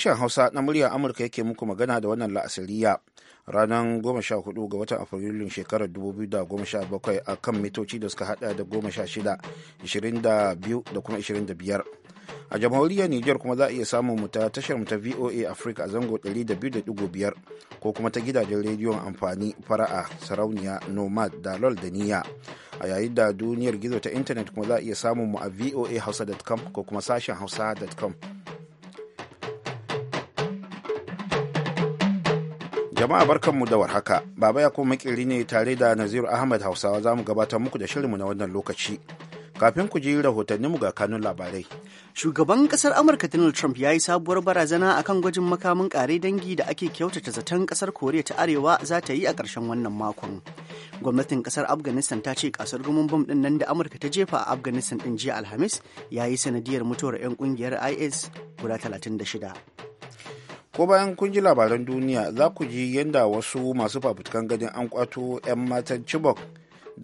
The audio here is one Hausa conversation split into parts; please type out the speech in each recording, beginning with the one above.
Sashen Hausa na muryar Amurka yake muku magana da wannan la'asiriya ranar 14 ga watan Afrilun shekarar 2017 a kan mitoci da suka hada da 16, 22 da kuma 25. A jamhuriyar Nijar kuma za a iya samun mu ta tashar ta VOA Africa a zango 200.5 ko kuma ta gidajen rediyon amfani fara'a sarauniya nomad da lol da niya. A yayin da duniyar gizo ta intanet kuma za a iya samun mu a voa voahausa.com ko kuma sashen hausa.com. Jama'a barkanmu da warhaka. Baba ya kuma makiri ne tare da Naziru Ahmad Hausawa za mu gabatar muku da shirinmu na wannan lokaci. Kafin ku ji rahotanninmu ga kanun labarai. Shugaban kasar Amurka Donald Trump ya yi sabuwar barazana a kan gwajin makamin kare dangi da ake kyautata zaton kasar Koriya ta Arewa za ta yi a ƙarshen wannan makon. Gwamnatin kasar Afghanistan ta ce kasar gumin bom din nan da Amurka ta jefa a Afghanistan din jiya Alhamis ya yi sanadiyar mutuwar 'yan kungiyar IS guda 36. ko bayan kun ji labaran duniya za ku ji yadda wasu masu fafutukan ganin an kwato 'yan matan chibok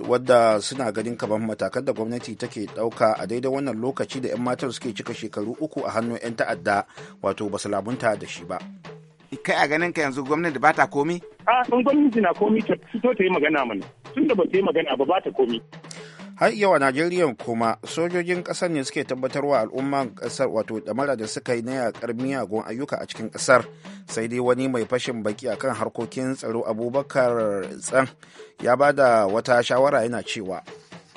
wadda suna ganin kamar matakan da gwamnati take ɗauka a daidai wannan lokaci da 'yan matan suke cika shekaru uku a hannun 'yan ta'adda wato ba su labunta da shi ba. kai a ganin ka yanzu gwamnati ba ta komi? a in gwamnati na komi ta fito ta yi magana mana da ba su yi magana ba ba ta komi har yau a najeriya kuma sojojin ƙasar ne suke tabbatarwa al'umman ƙasar wato damara da suka yi na yaƙar miyagun ayyuka a cikin ƙasar sai dai wani mai fashin baki akan harkokin tsaro abubakar tsan ya ba da wata shawara yana cewa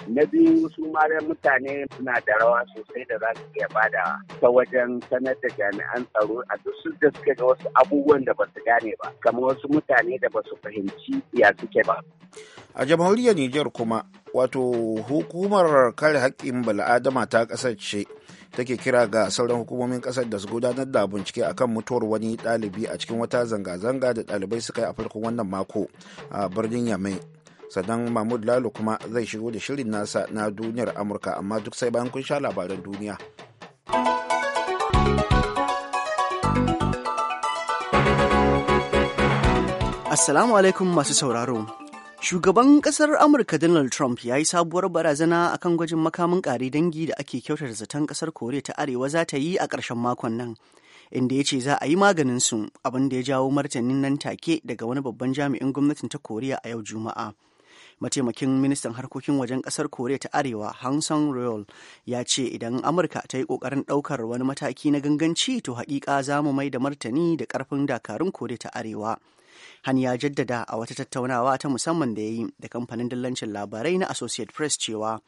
na biyu su ma mutane suna da rawa sosai da za su iya bada ta wajen sanar da jami'an tsaro a duk su da suke ga wasu abubuwan da ba su gane ba kamar wasu mutane da ba su fahimci ya suke ba a jamhuriyar niger kuma wato hukumar kare haƙƙin bala'adama ta ƙasashe ce take kira ga sauran hukumomin ƙasar da su gudanar da bincike akan mutuwar wani ɗalibi a cikin wata zanga-zanga da ɗalibai suka yi a farkon wannan mako a birnin yamai sannan mahmud lalo kuma zai shigo da shirin nasa na duniyar amurka amma duk sai bayan kun sha labaran duniya assalamu alaikum masu sauraro Shugaban kasar Amurka Donald Trump ya yi sabuwar barazana akan gwajin makamin kare dangi da ake kyautata zaton kasar Koriya ta Arewa za ta yi a ƙarshen makon nan, inda ya ce za a yi maganin su abin da ya jawo martanin nan take daga wani babban jami'in gwamnatin ta Koriya a yau Juma'a. mataimakin ministan harkokin wajen kasar koriya ta arewa hansan royal ya ce idan amurka ta yi kokarin daukar wani mataki na ganganci to hakika za mu mai da martani da karfin dakarun koriya ta arewa han ya jaddada a wata tattaunawa ta musamman da ya yi da kamfanin dillancin labarai na associate press cewa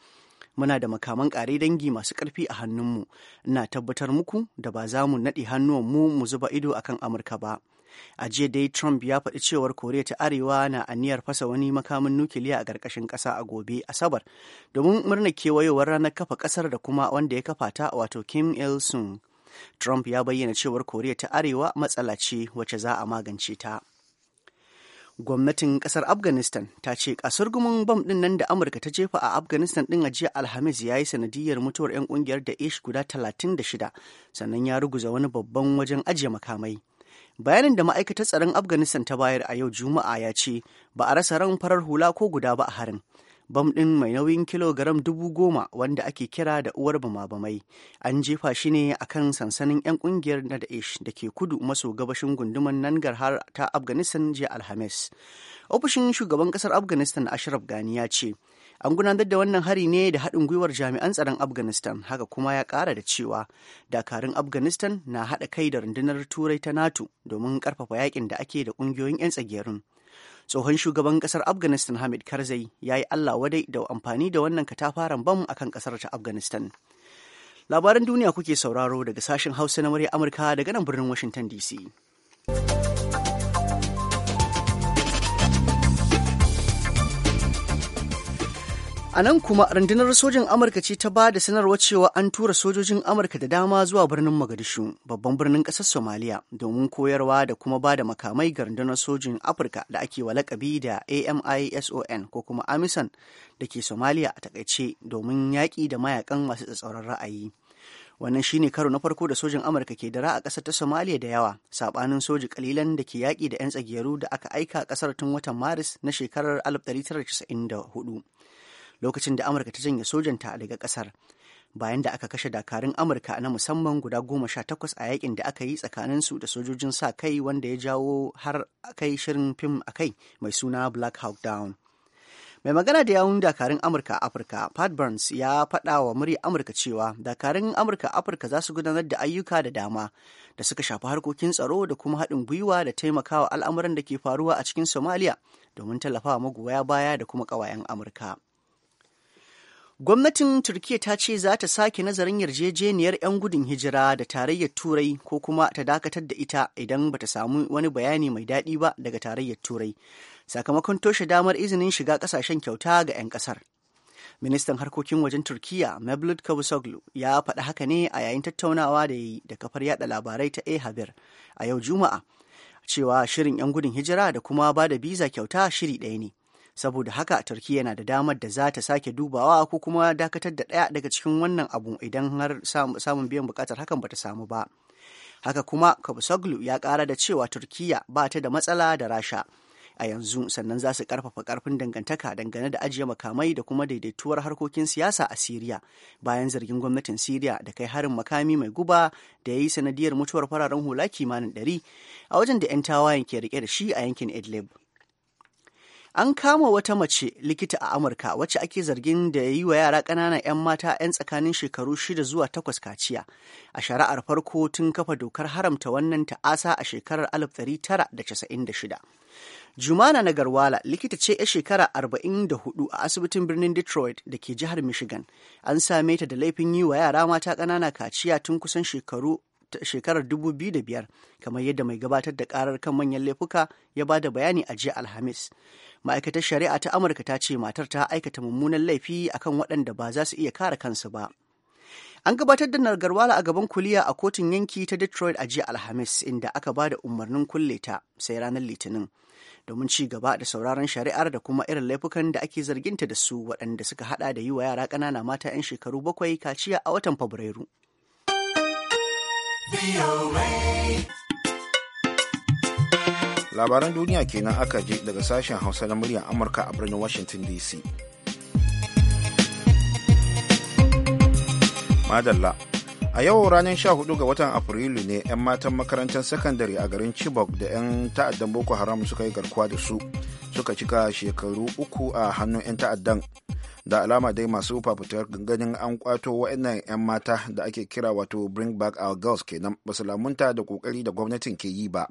muna da makaman ƙare dangi masu ƙarfi a hannunmu ina tabbatar muku da ba za mu naɗe hannuwanmu mu zuba ido akan amurka ba a jiya dai trump ya faɗi cewar koriya ta arewa na aniyar fasa wani makamin nukiliya a ƙarƙashin ƙasa a gobe asabar domin murnar kewayowar ranar kafa ƙasar da kuma wanda ya kafa ta wato kim il sung trump ya bayyana cewar koriya ta arewa matsala ce wacce za a magance ta gwamnatin kasar afghanistan ta ce kasurgumin bam din nan da amurka ta jefa a afghanistan din a jiya alhamis ya yi sanadiyar mutuwar 'yan kungiyar da ish guda 36 sannan ya ruguza wani babban wajen ajiye makamai bayanin da ma'aikatar tsaron afghanistan ta bayar a yau juma'a ya ce ba a rasa ran farar hula ko guda ba a harin bam ɗin mai nauyin kilogaram dubu goma wanda ake kira da uwar bama-bamai an jefa shi ne akan sansanin 'yan ƙungiyar na daesh da ke kudu maso gabashin gunduman nangar har ta afghanistan jiya alhamis ofishin shugaban ƙasar afghanistan ashraf gani ya ce an gudanar da wannan hari ne da haɗin gwiwar jami'an tsaron afghanistan haka kuma ya ƙara da cewa dakarun afghanistan na haɗa kai da rundunar turai ta nato domin ƙarfafa yakin da ake da ƙungiyoyin 'yan tsagerun tsohon shugaban ƙasar afghanistan hamid karzai ya yi allah wadai da amfani da wannan katafaren bam akan ƙasar ta afghanistan labaran duniya kuke sauraro daga sashen hausa na murya amurka daga nan birnin washington dc A nan kuma rundunar sojin Amurka ce ta ba da sanarwa cewa an tura sojojin Amurka da dama zuwa birnin Mogadishu, babban birnin ƙasar Somaliya, domin koyarwa da kuma ba da makamai ga rundunar sojin Afirka da ake wa lakabi da AMISON ko kuma AMISON da ke Somaliya a takaice domin yaƙi da mayakan masu tsatsauran ra'ayi. wannan shine karo na farko da sojin amurka ke dara a ƙasar ta somaliya da yawa saɓanin soji kalilan da ke yaƙi da 'yan tsagiyaru da aka aika a ƙasar tun watan maris na shekarar 1994 lokacin da amurka ta janye sojanta daga kasar bayan da aka kashe dakarun amurka na musamman guda goma sha takwas a yakin da aka yi tsakanin su da sojojin sa kai wanda ya jawo har kai shirin fim a kai mai suna black hawk down mai magana da yawun dakarun amurka a afirka pat burns ya faɗa wa murya amurka cewa dakarun amurka a afirka za su gudanar da ayyuka da dama da suka shafi harkokin tsaro da kuma haɗin gwiwa da taimakawa al'amuran da ke faruwa a cikin somaliya domin tallafawa magoya baya da kuma ƙawayen amurka Gwamnatin Turkiyya ta ce za ta sake nazarin yarjejeniyar 'yan gudun hijira da tarayyar Turai ko kuma ta dakatar da ita idan ba ta samu wani bayani mai daɗi ba daga tarayyar Turai, sakamakon toshe damar izinin shiga ƙasashen kyauta ga 'yan ƙasar. Ministan harkokin wajen Turkiyya Mevlut Cavusoglu ya faɗi haka ne a yayin tattaunawa da yi da kafar yada labarai ta e a yau Juma'a, cewa shirin 'yan gudun hijira da kuma ba da biza kyauta shiri ɗaya ne. saboda haka turkiyya na da damar da za ta sake dubawa ko kuma dakatar da ɗaya daga cikin wannan abu idan har samun biyan bukatar hakan bata samu ba haka kuma kabusoglu ya kara da cewa turkiyya ba ta da matsala da rasha a yanzu sannan za su karfafa karfin dangantaka dangane da ajiye makamai da kuma daidaituwar harkokin siyasa a siriya bayan zargin gwamnatin siriya da kai harin makami mai guba da ya yi sanadiyar mutuwar fararen hula kimanin 100 a wajen da 'yan tawayen ke rike da shi a yankin idlib An kama wata mace likita a Amurka wacce ake zargin da ya yi wa yara ƙananan 'yan mata 'yan tsakanin shekaru shida zuwa takwas kaciya. A shari'ar farko tun kafa dokar haramta wannan ta'asa a shekarar 1996. Jumana Nagarwala likita ce 'ya shekara 44 a asibitin birnin Detroit da ke jihar Michigan. An same ta da laifin yi wa yara mata ƙanana kaciya tun kusan shekaru shekarar 2005 kamar yadda mai gabatar da karar kan manyan laifuka ya ba da bayani a jiya alhamis ma'aikatar shari'a ta amurka ta ce matar ta aikata mummunan laifi akan waɗanda ba za su iya kare kansu ba an gabatar da nargarwala a gaban kuliya a kotun yanki ta detroit a jiya alhamis inda aka ba da umarnin kulle ta sai ranar litinin domin ci gaba da sauraron shari'ar da kuma irin laifukan da ake zarginta da su waɗanda suka hada da yi wa yara ƙanana mata 'yan shekaru bakwai kaciya a watan fabrairu Labaran duniya kenan aka je daga sashen Hausa na muryar Amurka a birnin Washington DC. Madalla. A yau ranar 14 ga watan Afrilu ne 'yan matan makarantar sakandare a garin Chibok da 'yan ta'addan Boko Haram suka yi garkuwa da su suka cika shekaru uku a hannun 'yan ta'addan da alama dai masu fafutukar ganin an kwato waɗannan 'yan mata da ake kira wato bring back our girls kenan ba su lamunta da kokari da gwamnatin ke yi ba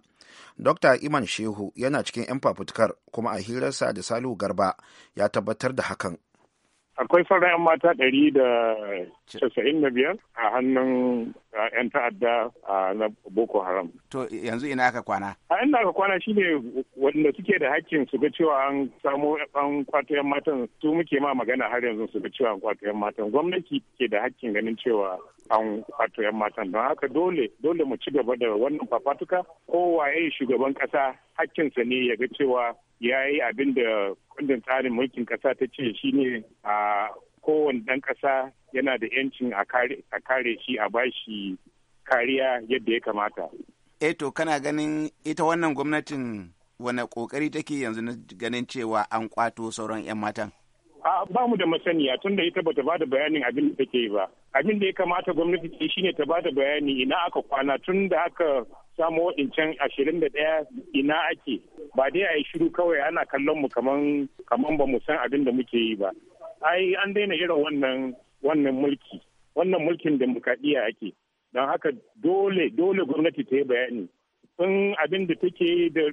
dr iman shehu yana cikin 'yan fafutukar kuma a hirarsa da salihu garba ya tabbatar da hakan akwai sauran 'yan mata ɗari da a hannun 'yan ta'adda na Boko Haram. To yanzu ina aka kwana? A inda aka kwana shine wanda suke da hakkin su ga cewa an samu an kwato 'yan matan su muke ma magana har yanzu su ga cewa an kwato 'yan matan. Gwamnati ke da hakkin ganin cewa an kwato 'yan matan don haka dole dole mu ci gaba da wannan fafatuka kowaye shugaban kasa hakkinsa ne ya ga cewa ya yi abin da kundin tsarin mulkin kasa ta ce shine a kowane ɗan ƙasa yana da 'yancin a kare shi a bashi kariya yadda ya kamata. Eto eh kana ganin ita wannan gwamnatin wane ƙoƙari take yanzu na ganin cewa an kwato sauran 'yan matan? A ba mu da masaniya tunda da ita bata bada bayanin abin da take ba. Abin da ya kamata gwamnati ce shine ta ba da bayani ina aka kwana tun da aka samu waɗancan ashirin da ɗaya ina ake ba dai a yi shiru kawai ana kallon mu kaman ba mu san abin da muke yi ba. ai an daina irin wannan wannan mulki wannan mulkin demokradiyya ake don haka dole dole gwamnati ta yi bayani sun abin da take da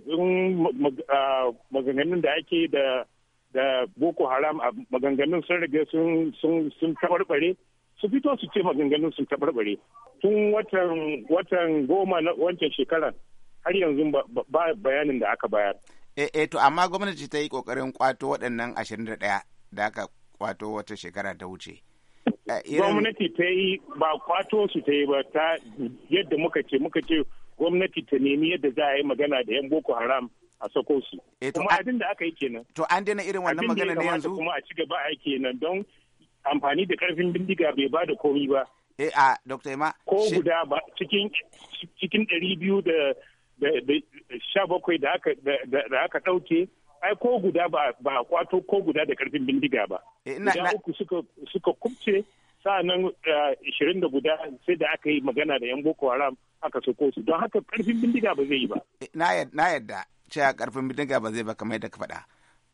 maganganun da ake da da boko haram a maganganun sun riga sun tabarbare su fito su ce maganganun sun tabarbare tun watan watan goma na wancan shekaran har yanzu ba bayanin da aka bayar eh, eh to amma gwamnati ta yi kokarin kwato waɗannan 21 da aka wato wata shekara ta wuce gwamnati ta yi ba kwato su ta yi ba ta yadda muka ce muka ce gwamnati ta nemi yadda za a yi magana da 'yan boko haram a sako su eh, kuma abin da aka yi kenan to an dina irin wannan magana ne yanzu kuma a ci gaba a kenan don amfani da karfin bindiga bai ba da komi ba eh a dr Ima. ko guda ba cikin cikin ɗari biyu da da sha bakwai da aka ɗauke ai ko guda ba ba kwato ko guda da karfin bindiga ba eh, guda uku suka suka kubce sa'annan eh, ishirin da guda sai da aka yi magana da yan boko haram aka soko su don haka karfin bindiga ba zai yi ba eh, na yadda cewa karfin bindiga ba zai ba kamar yadda ka faɗa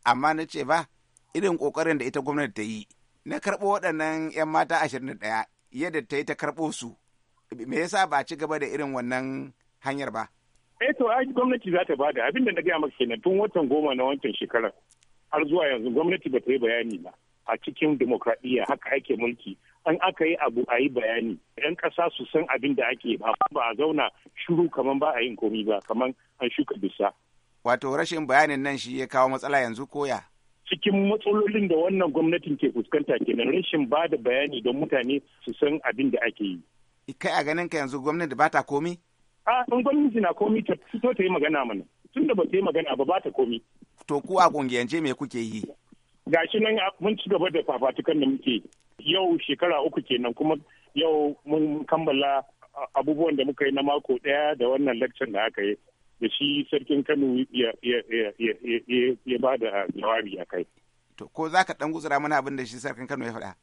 amma na ce ba irin kokarin da ita gwamnati ta yi na karɓo waɗannan 'yan mata ashirin da ɗaya yadda ta yi ta karɓo su me yasa ba ci gaba da irin wannan hanyar ba eh to ai gwamnati za ta bada da na gaya maka kenan tun watan goma na wancan shekarar har zuwa yanzu gwamnati ba ta yi bayani ba a cikin demokradiyya haka ake mulki an aka yi abu a yi bayani yan ƙasa su san abin da ake ba ba a zauna shiru kamar ba a yin komi ba kamar an shuka bisa wato rashin bayanin nan shi ya kawo matsala yanzu koya cikin matsalolin da wannan gwamnatin ke fuskanta kenan rashin ba da bayani don mutane su san abin da ake yi kai a ganin ka yanzu gwamnati ba ta komi a in gwamnati na komi ta fito ta yi magana mana tun da ba ta yi magana ba ba ta komi to ku a kungiyance me kuke yi gashi nan mun ci gaba da fafatukan da muke yau shekara uku kenan kuma yau mun kammala abubuwan da muka yi na mako daya da wannan lecture da aka yi da shi sarkin kano ya ba da jawabi a kai to ko za ka dan gutsura mana abin da shi sarkin kano ya faɗa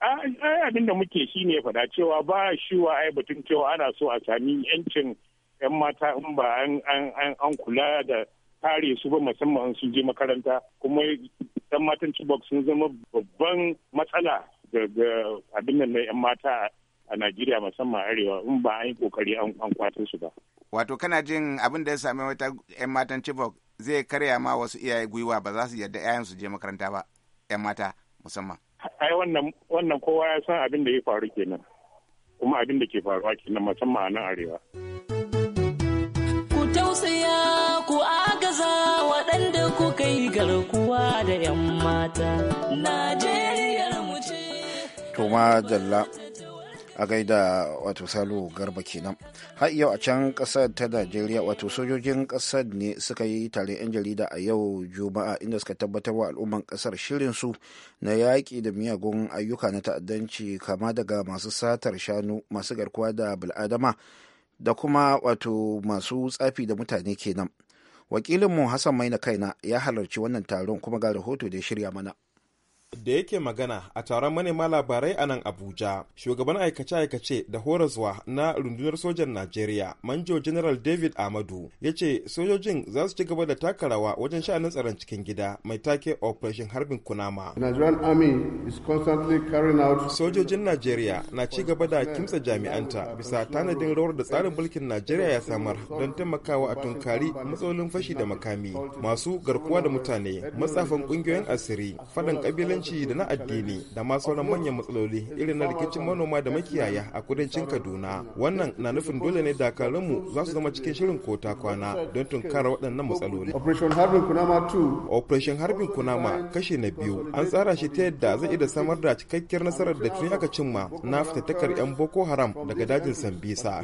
abin da muke shi ne fada cewa ba shi wa ai batun cewa ana so a sami yancin yan mata in ba an kula da kare su ba musamman sun je makaranta kuma yan matan chibok sun zama babban matsala daga abin nan na yan mata a najeriya musamman arewa in ba an yi kokari an kwatar su ba wato kana jin abin da ya sami wata yan matan chibok zai karya ma wasu iyaye gwiwa ba za su yarda 'ya'yansu je makaranta ba yan mata musamman ai wannan wannan kowa ya san abin da ya faru kenan kuma abin da ke faruwa kenan musamman a nan arewa ku tausaya ku agaza waɗanda ku kai garkuwa da 'yan mata najeriya mu ce to jalla a gaida wato salo garba kenan har yau a can kasar ta najeriya wato sojojin kasar ne suka yi tare 'yan jarida a yau juma'a inda suka tabbatar wa al'umman kasar shirin su na yaƙi da miyagun ayyuka na ta'addanci kama daga masu satar shanu masu garkuwa da bil'adama da kuma wato masu tsafi da mutane kenan wakilinmu hassan maina kaina ya halarci wannan taron kuma ga rahoto da ya shirya mana da yake magana a taron manema labarai a nan abuja shugaban aikace-aikace da horaswa na rundunar sojan najeriya manjo general david amadu ya ce sojojin za su ci gaba da taka rawa wajen sha'anin tsaron cikin gida mai take operation harbin kunama sojojin najeriya na ci gaba da kimsa jami'anta bisa tanadin rawar da tsarin mulkin najeriya ya samar don taimakawa a tunkari matsalolin fashi da makami masu garkuwa da mutane matsafan kungiyoyin asiri faɗan kabilan ta'addanci da na addini da ma sauran manyan matsaloli irin na rikicin manoma da makiyaya a kudancin kaduna wannan na nufin dole ne dakarunmu za su zama cikin shirin kota kwana don tunkara waɗannan matsaloli operation harbin kunama kashi na biyu an tsara shi ta yadda zai iya samar da cikakkiyar nasarar da tuni aka cimma na fitattakar 'yan boko haram daga dajin sambisa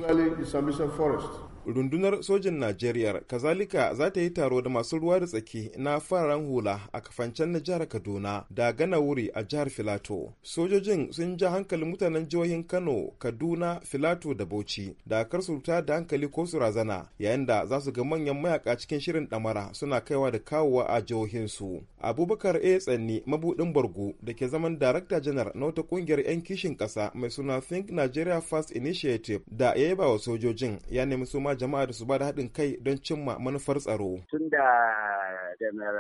rundunar sojin najeriya kazalika za ta yi taro da masu ruwa da tsaki na fararen hula a kafancen na jihar kaduna da gana wuri a jihar filato sojojin sun ja hankalin mutanen jihohin kano kaduna filato da bauchi da kar su da hankali ko su razana yayin da za su ga manyan mayaka cikin shirin damara suna kaiwa da kawowa a jihohinsu abubakar a tsanni mabudin bargu da ke zaman darakta janar na wata kungiyar 'yan kishin kasa mai suna think nigeria first initiative da ya yaba wa sojojin ya nemi su ma jama'a da su ba da haɗin kai don cimma manufar tsaro. Tun da janar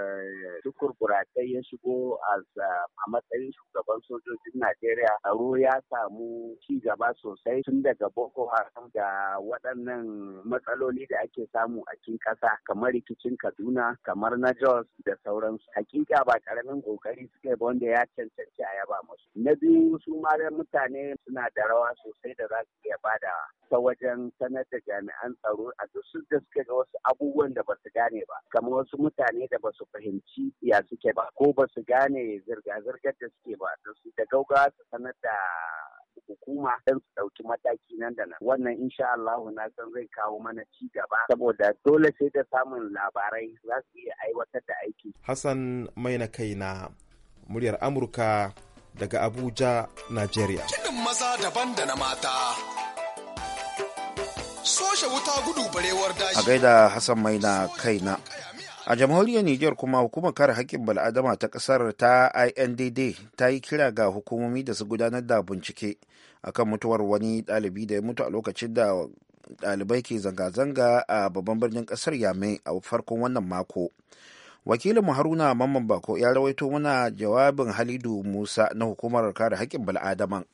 Tukur Buratai ya shigo a matsayin shugaban sojojin Najeriya, tsaro ya samu ci gaba sosai tun daga Boko Haram da waɗannan matsaloli da ake samu a cikin ƙasa kamar rikicin Kaduna, kamar na Jos da sauransu. Hakika ba ƙaramin ƙoƙari suke ba wanda ya cancanci a yaba musu. Na biyu su ma mutane suna da rawa sosai da za su iya bada ta wajen sanar da jami'an tsaro a duk su da suka ga wasu abubuwan da ba su gane ba kamar wasu mutane da ba su fahimci ya suke ba ko ba su gane zirga-zirgar da suke ba da su da gaugawa su sanar da hukuma don su ɗauki mataki nan da nan wannan insha Allahu na san zai kawo mana ci gaba saboda dole sai da samun labarai za su iya aiwatar da aiki Hassan mai na kai na muryar Amurka daga Abuja Nigeria kiɗin maza daban da na mata soshe wuta gudu barewar dashi. a gaida hassan mai na kaina a jamhuriyar niger kuma hukumar kare haƙƙin bal'adama ta ƙasar ta indd ta yi kira ga hukumomi da su gudanar da bincike akan mutuwar wani ɗalibi da ya mutu a lokacin da ɗalibai ke zanga-zanga a babban birnin ƙasar yame a farkon wannan mako wakilin haruna mamman bako ya rawaito mana jawabin halidu musa na hukumar kare haƙƙin bal'adaman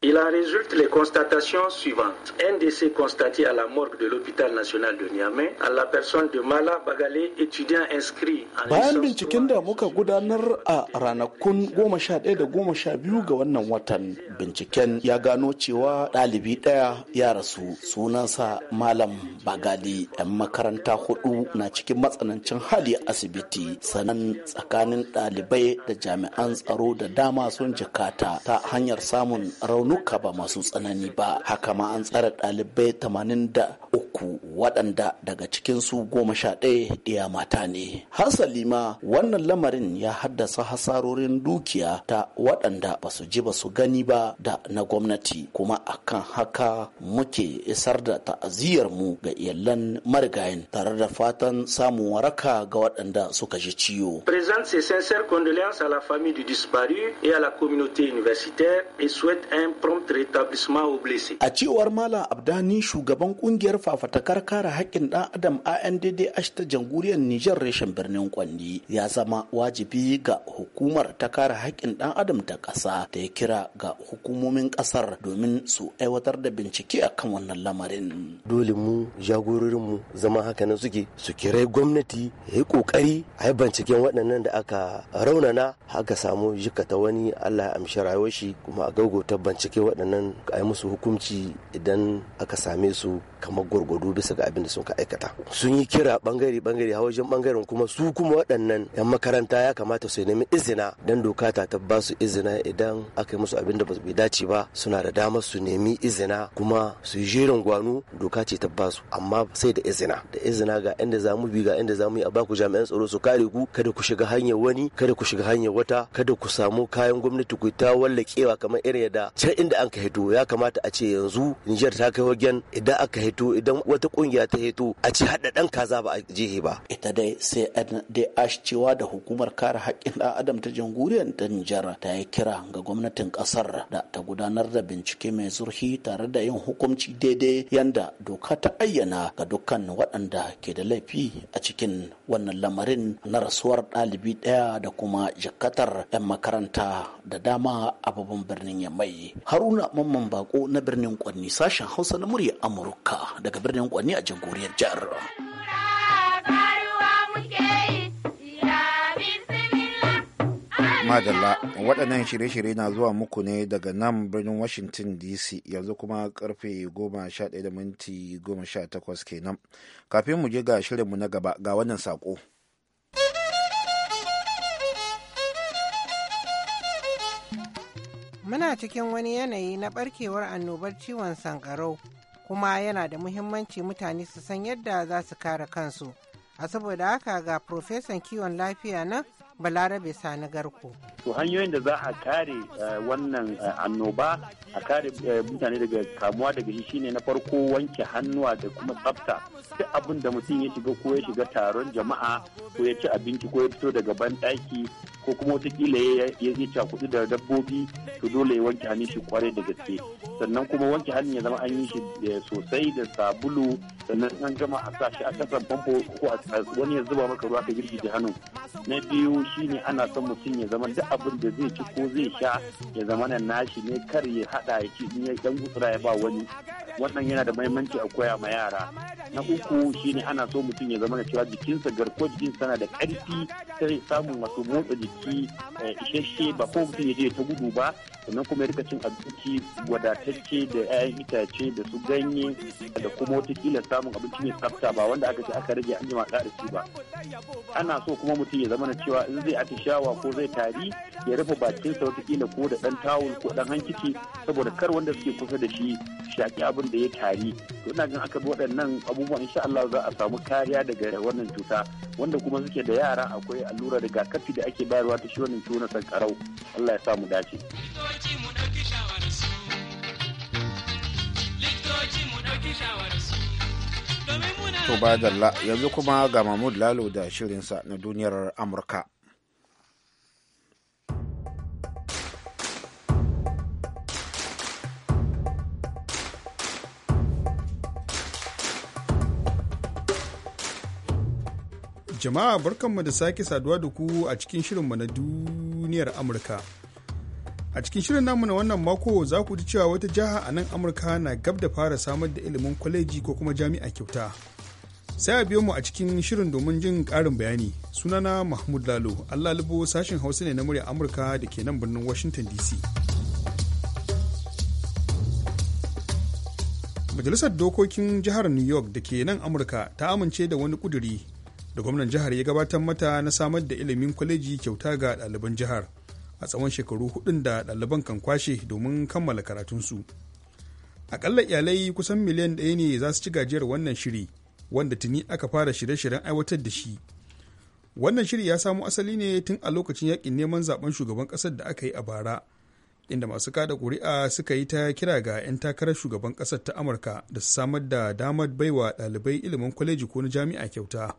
Il en résulte les constatations suivantes. Un décès constaté à la morgue de l'hôpital national de Niamey à la personne de Mala Bagale, étudiant inscrit en Bayan binciken da muka gudanar a ranakun 11 da 12 ga wannan watan, binciken ya gano cewa ɗalibi ɗaya ya rasu sunansa Malam Bagale ‘yan makaranta hudu na cikin matsanancin hali asibiti sanan tsakanin ɗalibai da jami'an tsaro da dama sun jikata ta hanyar samun rauni raunuka ba masu tsanani ba haka ma an tamanin da uku waɗanda daga cikin cikinsu goma sha ɗaya ɗiya mata ne hasali ma wannan lamarin ya haddasa hasarorin dukiya ta waɗanda ba su ji ba su gani ba da na gwamnati kuma akan haka muke isar da ta'aziyar mu ga iyalan marigayin tare da fatan samun waraka ga waɗanda suka ji ciwo. Présente ses sincères condoléances à la famille du disparu et à la communauté universitaire et souhaite un prompt au blessé. A cewar Malam Abdani shugaban kungiyar fafatakar kare haƙƙin ɗan adam ANDDH ta jamhuriyar Nijar reshen birnin Kwanni ya zama wajibi ga hukumar ta kare haƙƙin ɗan adam ta ƙasa ta yi kira ga hukumomin ƙasar domin su aiwatar da bincike a kan wannan lamarin. Dole mu jagororin mu zama haka nan suke su kirai gwamnati ya yi ƙoƙari a yi binciken waɗannan da aka raunana haka samu jikata wani Allah ya amshi rayuwar shi kuma a gaugauta bincike. bincike waɗannan a yi musu hukunci idan aka same su kamar gwargwado bisa ga abin da sun ka aikata sun yi kira bangare bangare a wajen bangaren kuma su kuma waɗannan yan makaranta ya kamata su nemi izina Don doka ta ta ba su izina idan aka yi musu abin da bai dace ba suna da damar su nemi izina kuma su yi jerin gwanu doka ce ta basu amma sai da izina da izina ga inda za mu bi ga inda za mu yi a baku jami'an tsaro su kare ku kada ku shiga hanyar wani kada ku shiga hanyar wata kada ku samu kayan gwamnati ku ta wallakewa kamar irin yadda can inda an ka hito ya kamata a ce yanzu Nijar ta kai wagen idan aka hito idan wata kungiya ta hito a ci hada dan kaza ba a jihi ba ita dai sai NDH cewa da hukumar kare haƙƙin ɗan adam ta jamhuriyar ta Nijar ta yi kira ga gwamnatin ƙasar da ta gudanar da bincike mai zurfi tare da yin hukunci daidai yanda doka ta ayyana ga dukkan waɗanda ke da laifi a cikin wannan lamarin na rasuwar ɗalibi ɗaya da kuma jakatar 'yan makaranta da dama a babban birnin yamai haruna mamman bako na birnin kwanni sashen hausa na murya amurka daga birnin kwanni a jamhuriyar jihar madalla waɗannan shirye-shirye na zuwa muku ne daga nan birnin washington dc yanzu kuma karfe 11 da minti takwas kenan kafin mu je ga shirinmu na gaba ga wannan saƙo muna cikin wani yanayi na ɓarkewar annobar ciwon sankarau kuma yana da muhimmanci mutane su san yadda za su kare kansu a saboda haka ga profesan kiwon lafiya na. balarabe sani garko to hanyoyin da za a kare eh, wannan eh, annoba a kare eh, mutane daga kamuwa daga shi shine na farko wanke hannuwa da kuma tsafta duk abin da mutum ya shiga ko ya shiga taron jama'a ko ya ci abinci ko ya fito daga banɗaki ko kuma wataƙila ya yi cakudu da dabbobi to dole ya wanke hannun shi kwarai da gaske sannan kuma wanke hannun ya zama an yi shi sosai da sabulu sannan an gama a sa shi a kasan famfo ko wani ya zuba maka ruwa ka girgije hannun na biyu shine ana son mutum ya zama duk abin da zai ci ko zai sha ya zama nan nashi ne kar ya hada ya ci in ya dan gutsura ya ba wani wannan yana da mahimmanci a koya ma yara na uku shine ana so mutum ya zama da cewa jikinsa garko jikin na da karfi sai samun wasu motsa jiki eh, isasshe ba ko mutum ya je ta gudu ba sannan kuma ya cin abinci wadatacce da 'ya'yan itace da su ganye da kuma watakila samun abinci mai tsafta ba wanda aka ce aka rage an jima ƙara shi ba ana so kuma mutum ya zama na cewa in zai shawa ko zai tari ya rufe bakinsa watakila ko da ɗan tawul ko ɗan hankici saboda kar wanda suke kusa da shi shaki abin da ya tari to ina gan aka bi waɗannan abubuwan insha Allah za a samu kariya daga wannan cuta wanda kuma suke da yara akwai allura rigakafi da ake bayarwa ta shi wannan ciwo na sankarau Allah ya sa mu dace. To ba dalla yanzu kuma ga Mahmud Lalo da shirinsa na duniyar Amurka. Jama'a barkanmu da sake saduwa da ku a cikin shirinmu na duniyar Amurka. a cikin shirin namu na wannan mako za ku ji cewa wata jiha a nan amurka na gab da fara samar da ilimin kwaleji ko kuma jami'a kyauta sai a biyo mu a cikin shirin domin jin ƙarin bayani sunana mahmud lalo allah libo sashen hausa ne na murya amurka da ke nan birnin washington dc majalisar dokokin jihar new york da ke nan amurka ta amince da wani kuduri da gwamnan jihar ya gabatar mata na samar da ilimin kwaleji kyauta ga ɗaliban jihar a tsawon shekaru hudun da ɗaliban kan kwashe domin kammala karatunsu akalla iyalai kusan miliyan ɗaya ne za su ci gajiyar wannan shiri wanda tuni aka fara shirye-shiryen aiwatar da shi wannan shiri ya samo asali ne tun a lokacin yakin neman zaben shugaban ƙasar da aka yi a bara inda masu kada ƙuri'a suka yi ta kira ga 'yan takarar shugaban ƙasar ta amurka da su samar da damar baiwa ɗalibai ilimin kwaleji ko na jami'a kyauta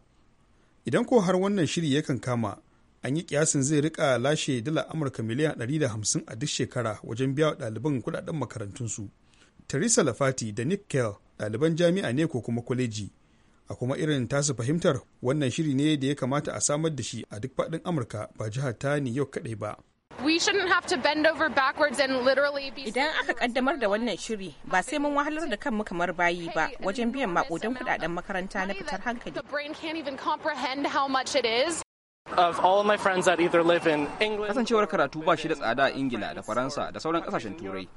idan ko har wannan shiri yakan kama an yi kiyasin zai rika lashe dala amurka miliyan 150 a duk shekara wajen biya ɗaliban kudaden makarantunsu teresa lafati da nick kell ɗaliban jami'a ne ko kuma kwaleji a kuma irin tasu fahimtar wannan shiri ne da ya kamata a samar da shi a duk faɗin amurka ba jihar ta new york kaɗai ba Idan aka kaddamar da wannan shiri ba sai mun wahalar da kanmu kamar bayi ba wajen biyan makudan kudaden makaranta na fitar hankali. Kasancewar karatu ba shi da tsada a Ingila da Faransa da sauran kasashen Turai.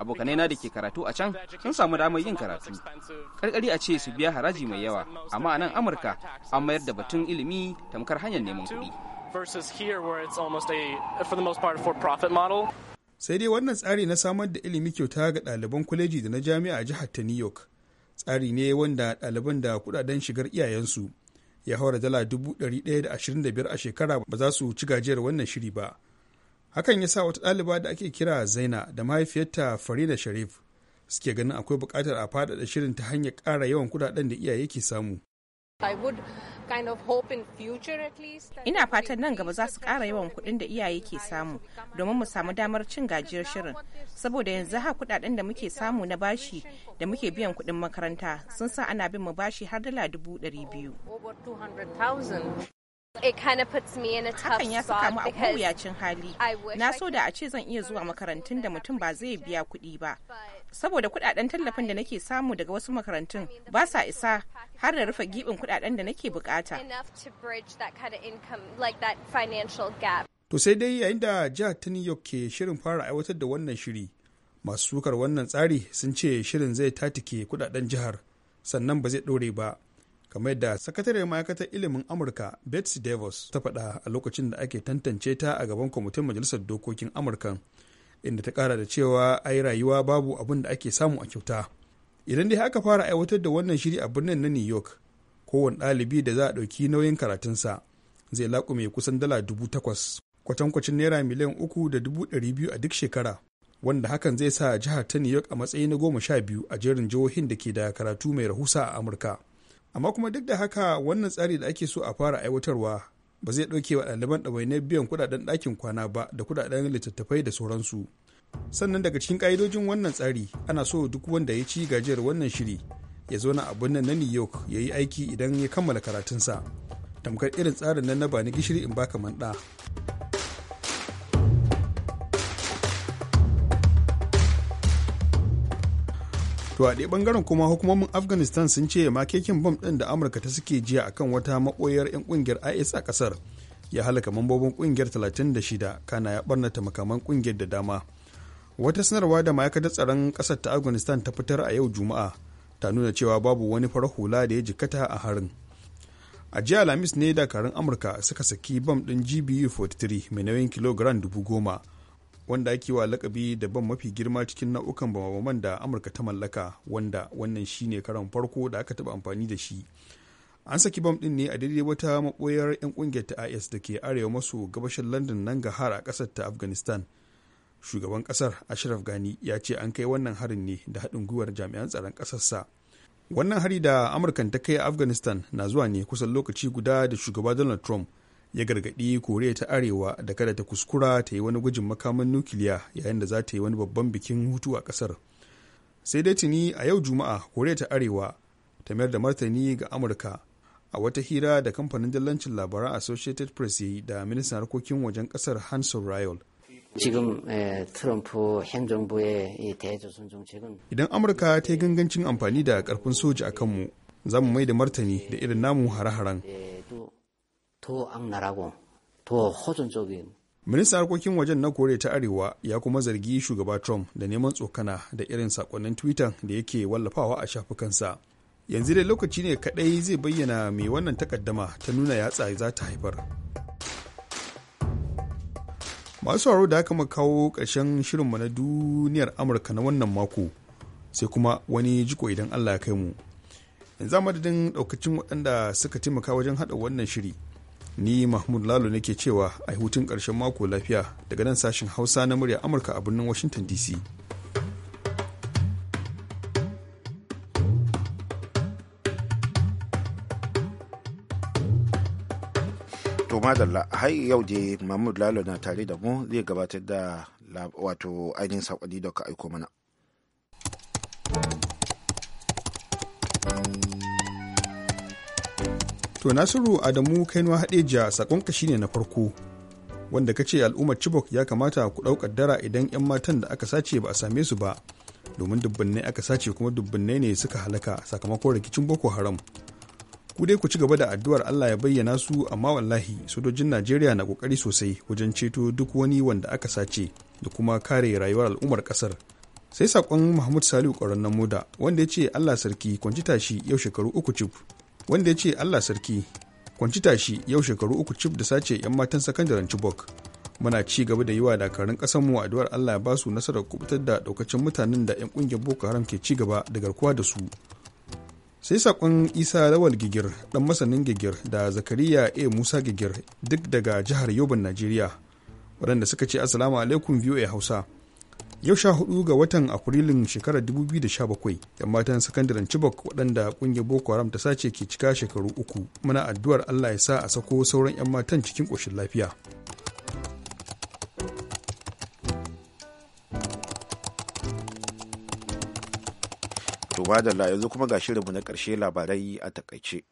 abokanai na da ke karatu a can sun samu damar yin karatu karkari a ce su biya haraji mai yawa amma a nan amurka an mayar da batun ilimi tamkar hanyar neman kuɗi sai dai wannan tsari na samar da ilimi kyauta ga ɗaliban kwaleji da na jami'a a jihar ta new york tsari ne wanda ɗaliban da kuɗaɗen shigar iyayensu ya haura dala 125 a shekara ba za su ci gajiyar wannan shiri ba hakan ya sa wata ɗaliba da ake kira zaina da mahaifiyarta farida sharif suke ganin akwai buƙatar a faɗaɗa shirin ta hanyar ƙara yawan kuɗaɗen da iyaye ke samu Ina fatan nan gaba za su ƙara yawan kuɗin da iyaye ke samu domin mu samu damar cin gajiyar shirin. Saboda yanzu ha kuɗaɗen da muke samu na bashi da muke biyan kuɗin makaranta sun sa ana bin mu bashi har dala dubu ɗari biyu. Hakan ya saka mu a mawuyacin hali. Na so da a ce zan iya zuwa makarantun da mutum ba zai biya kuɗi ba. Saboda kuɗaɗen tallafin da nake samu daga wasu makarantun ba sa isa har da rufe giɓin kuɗaɗen da nake bukata. To sai dai yayin da jihar ta New York ke shirin fara aiwatar da wannan shiri, masu sukar wannan tsari sun ce shirin zai tatike kudaden jihar sannan ba zai ɗore ba. kamar yadda sakatariyar ma'aikatar ilimin amurka betsy davis ta faɗa a lokacin da ake tantance ta a gaban kwamitin majalisar dokokin amurka inda ta ƙara da cewa ai rayuwa babu abin da ake samu a kyauta idan dai aka fara aiwatar da wannan shiri a birnin na new york kowane ɗalibi da za a ɗauki nauyin karatunsa zai laƙume kusan dala dubu takwas kwatankwacin naira miliyan uku da dubu ɗari biyu a duk shekara wanda hakan zai sa jihar ta new york a matsayi na goma sha biyu a jerin jihohin da ke da karatu mai rahusa a amurka amma kuma duk da haka wannan tsari da ake so a fara aiwatarwa ba zai ɗauke wa ɗaliban ɗawainiyar biyan kuɗaɗen ɗakin kwana ba da kuɗaɗen littattafai da sauransu sannan daga cikin ƙa'idojin wannan tsari ana so duk wanda ya ci gajiyar wannan shiri ya zo na abin nan na new york ya yi aiki idan ya kammala karatunsa tamkar irin tsarin nan na bani gishiri in baka manɗa to a ɗaya bangaren kuma hukumomin afghanistan sun ce makekin bom ɗin da amurka ta suke jiya akan wata maɓoyar 'yan ƙungiyar is a ƙasar ya halaka mambobin ƙungiyar 36 kana ya ɓarnata makaman ƙungiyar da dama wata sanarwa da ma'aikatar tsaron ƙasar ta afghanistan ta fitar a yau juma'a ta nuna cewa babu wani farar hula da ya jikata a harin a jiya alhamis ne dakarun amurka suka saki bom ɗin gbu 43 mai nauyin kilogram dubu goma wanda ake wa lakabi da ban mafi girma cikin nau'ukan bamabaman da amurka ta mallaka wanda wannan shine karan farko da aka taba amfani da shi an saki bam din ne a daidai wata maboyar 'yan kungiyar ta is da ke arewa maso gabashin london nan ga har a kasar ta afghanistan shugaban kasar ashraf gani ya ce an kai wannan harin ne da haɗin gwiwar jami'an tsaron ƙasarsa wannan hari da amurkan ta kai a afghanistan na zuwa ne kusan lokaci guda da shugaba donald trump ya gargaɗi koriya ta arewa da kada ta kuskura ta yi wani gwajin makaman nukiliya yayin da za ta yi wani babban bikin hutu a ƙasar sai dai tuni a yau juma'a koriya ta arewa ta mayar da martani ga amurka a wata hira da kamfanin dillancin labaran associated press yi da ministan harkokin wajen ƙasar hanson eh, ryle Idan Amurka ta yi gangancin amfani da karfin soja a kanmu, za mu mai da martani da irin namu hare-haren. to to hotun Ministan harkokin wajen na kore ta Arewa ya kuma zargi shugaba Trump da neman tsokana da irin sakonnin Twitter da yake wallafawa a shafukansa. Yanzu dai lokaci ne kadai zai bayyana mai wannan takaddama ta nuna yatsa za ta haifar. Masu haro da aka kawo ƙarshen shirinmu na duniyar Amurka na wannan mako sai kuma wani jiko idan Allah ya kai mu. Yanzu madadin ɗaukacin waɗanda suka taimaka wajen haɗa wannan shiri. ni mahmud lalo nake cewa a hutun ƙarshen mako lafiya daga nan sashen hausa na murya amurka a birnin washington dc to madalla har yau dai mahmud lalo na tare da mu zai gabatar da wato ainihin saƙonni da ka aiko mana To Nasiru Adamu Kainuwa Hadeja sakonka shine na farko wanda ka ce al'ummar Chibok ya kamata ku ɗau dara idan 'yan matan da aka sace ba a same su ba domin dubbannai aka sace kuma dubbannai ne suka halaka sakamakon rikicin Boko Haram. Ku dai ku ci gaba da addu'ar Allah ya bayyana su amma wallahi sojojin Najeriya na kokari sosai wajen ceto duk wani wanda aka sace da kuma kare rayuwar al'ummar kasar. Sai sakon Mahmud Saliu ƙwararren Moda wanda ya ce Allah sarki kwanci tashi yau shekaru uku cif wanda ya ce allah sarki kwanci tashi yau shekaru uku cif da sace 'yan matan sakandaren chibok muna ci gaba da yi wa dakarun mu addu'ar allah ya ba su nasarar kubutar da daukacin mutanen da 'yan kungiyar boko haram ke ci gaba da garkuwa da su sai sakon isa lawal gigir dan masanin gigir da zakariya a musa gigir duk daga jihar yobin najeriya waɗanda suka ce assalamu alaikum voa hausa yau sha hudu ga watan afrilun shekarar 2017 yan matan sakandaren chibok waɗanda ƙungiyar boko haram ta sace ke cika shekaru uku muna addu'ar allah ya sa a sako sauran yan matan cikin ƙoshin lafiya to da yanzu kuma ga shirinmu na karshe labarai a takaice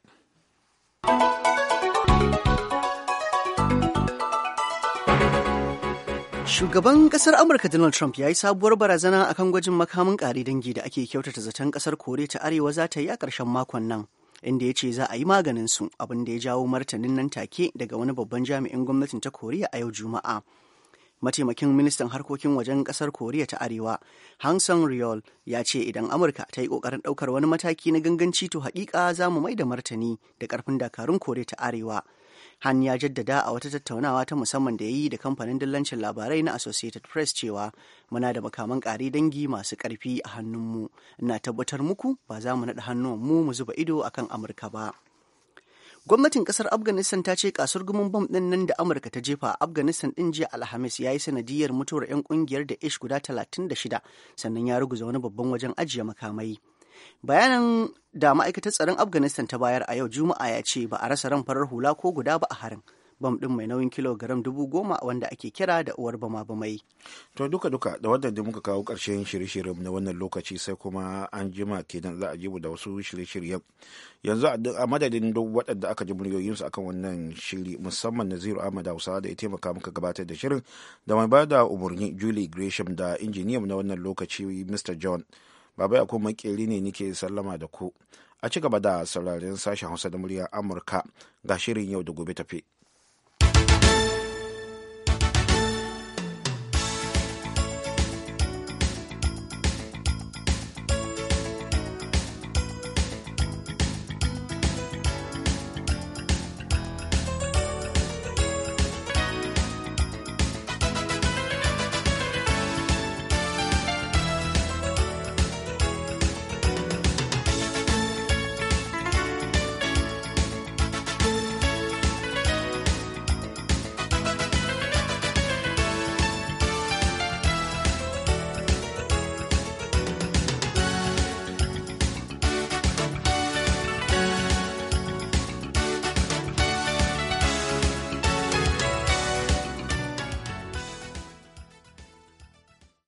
Shugaban kasar Amurka Donald Trump ya yi sabuwar barazana akan gwajin makamin ƙari dangi da ake kyautata zaton kasar kore ta Arewa za ta yi a ƙarshen makon nan. Inda ya ce za a yi maganin su abin da ya jawo martanin nan take daga wani babban jami'in gwamnatin ta Koriya a yau Juma'a. Mataimakin ministan harkokin wajen kasar Koriya ta Arewa, hansan Sang ya ce idan Amurka ta yi ƙoƙarin ɗaukar wani mataki na ganganci to haƙiƙa za mu mai da martani da ƙarfin dakarun Koriya ta Arewa. Han ya jaddada a wata tattaunawa ta musamman da ya yi da kamfanin dillancin labarai na Associated Press cewa muna da makaman ƙare dangi masu ƙarfi a hannunmu. Ina tabbatar muku ba za mu naɗa hannuwan mu mu zuba ido akan Amurka ba. gwamnatin ƙasar afghanistan ta ce kasar gumin bom din nan da amurka ta jefa a afghanistan din jiya alhamis ya yi sanadiyar mutuwar 'yan kungiyar da ish guda 36 sannan ya ruguza wani babban wajen ajiye makamai bayanin da ma'aikatar tsaron afghanistan ta bayar a yau juma'a ya ce ba a rasa ran farar hula ko guda ba a harin bam din mai nauyin kilogram dubu goma wanda ake kira da uwar bama bamai to duka duka da wannan da muka kawo karshen shirye-shiryen na wannan lokaci sai kuma an jima kenan za a jibu da wasu shirye-shiryen yanzu a madadin duk waɗanda aka ji muryoyinsu akan wannan shiri musamman naziru ahmad hausa da ya taimaka muka gabatar da shirin da mai bada umarni julie gresham da injiniyan na wannan lokaci mr john baba ya kuma makeri ne nike sallama da ku a ci gaba da sauraren sashen hausa da muryar amurka ga shirin yau da gobe tafe.